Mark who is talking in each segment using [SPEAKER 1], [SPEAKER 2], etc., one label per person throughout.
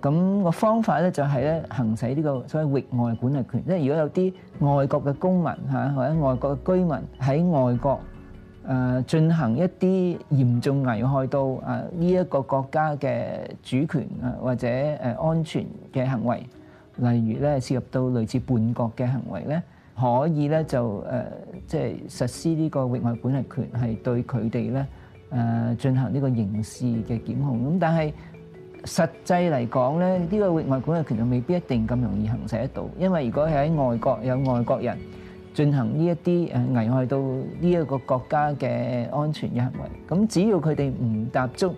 [SPEAKER 1] 咁個方法咧就係咧行使呢個所謂域外管理權，即係如果有啲外國嘅公民嚇或者外國嘅居民喺外國誒進行一啲嚴重危害到啊呢一個國家嘅主權啊或者誒安全嘅行為，例如咧涉及到類似叛國嘅行為咧，可以咧就誒即係實施呢個域外管理權，係對佢哋咧誒進行呢個刑事嘅檢控。咁但係，實際嚟講咧，呢個外國嘅權力未必一定咁容易行使得到，因為如果喺外國有外國人進行呢一啲誒危害到呢一個國家嘅安全嘅行為，咁只要佢哋唔踏足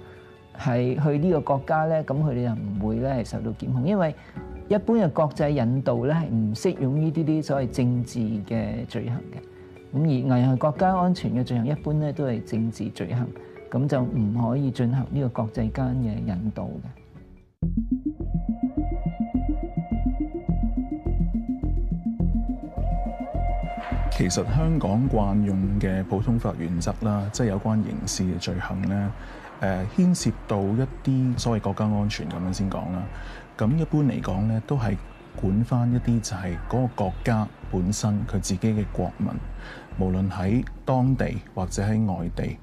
[SPEAKER 1] 係去呢個國家咧，咁佢哋就唔會咧係受到檢控，因為一般嘅國際引渡咧係唔適用於呢啲所謂政治嘅罪行嘅，咁而危害國家安全嘅罪行一般咧都係政治罪行。咁就唔可以進行呢個國際間嘅引導嘅。
[SPEAKER 2] 其實香港慣用嘅普通法原則啦，即係有關刑事嘅罪行咧，誒牽涉到一啲所謂國家安全咁樣先講啦。咁一般嚟講咧，都係管翻一啲就係嗰個國家本身佢自己嘅國民，無論喺當地或者喺外地。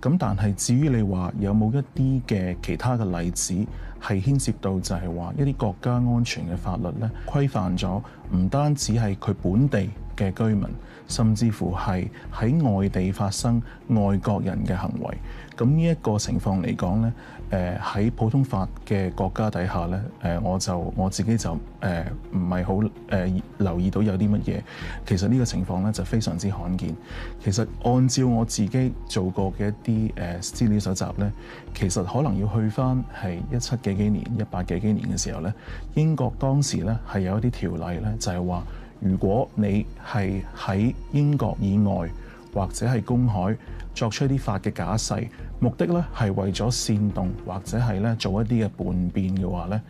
[SPEAKER 2] 咁但係，至於你話有冇一啲嘅其他嘅例子係牽涉到就係話一啲國家安全嘅法律呢，規範咗，唔單止係佢本地嘅居民，甚至乎係喺外地發生外國人嘅行為，咁呢一個情況嚟講咧，誒、呃、喺普通法嘅國家底下咧，誒、呃、我就我自己就誒唔係好誒、呃、留意到有啲乜嘢。其實呢個情況咧就非常之罕見，其實按照我自己做過嘅一啲誒資料搜集咧，其實可能要去翻係一七幾幾年、一八幾幾年嘅時候咧，英國當時咧係有一啲條例咧，就係話。如果你係喺英國以外或者係公海作出一啲法嘅假誓，目的咧係為咗煽動或者係咧做一啲嘅叛變嘅話咧，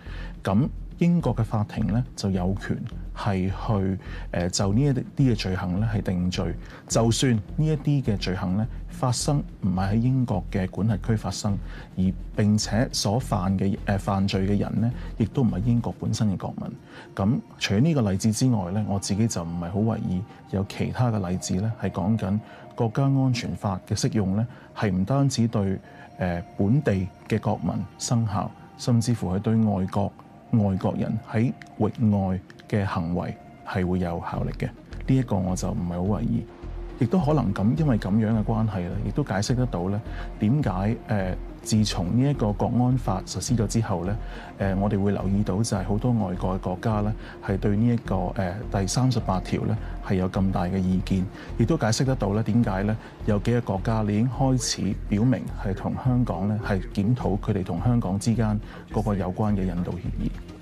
[SPEAKER 2] 咁。英國嘅法庭咧就有權係去誒、呃、就呢一啲嘅罪行咧係定罪，就算呢一啲嘅罪行咧發生唔係喺英國嘅管轄區發生，而並且所犯嘅誒、呃、犯罪嘅人咧亦都唔係英國本身嘅國民。咁除咗呢個例子之外咧，我自己就唔係好懷疑有其他嘅例子咧係講緊國家安全法嘅適用咧係唔單止對誒、呃、本地嘅國民生效，甚至乎係對外國。外國人喺域外嘅行為係會有效力嘅，呢一個我就唔係好懷疑。亦都可能咁，因為咁樣嘅關係咧，亦都解釋得到咧點解，自從呢、這、一個國安法實施咗之後咧、呃，我哋會留意到就係好多外國嘅國家咧，係對呢、這、一個、呃、第三十八條咧係有咁大嘅意見，亦都解釋得到咧點解咧，有幾個國家已經開始表明係同香港咧係檢討佢哋同香港之間嗰個有關嘅引渡協議。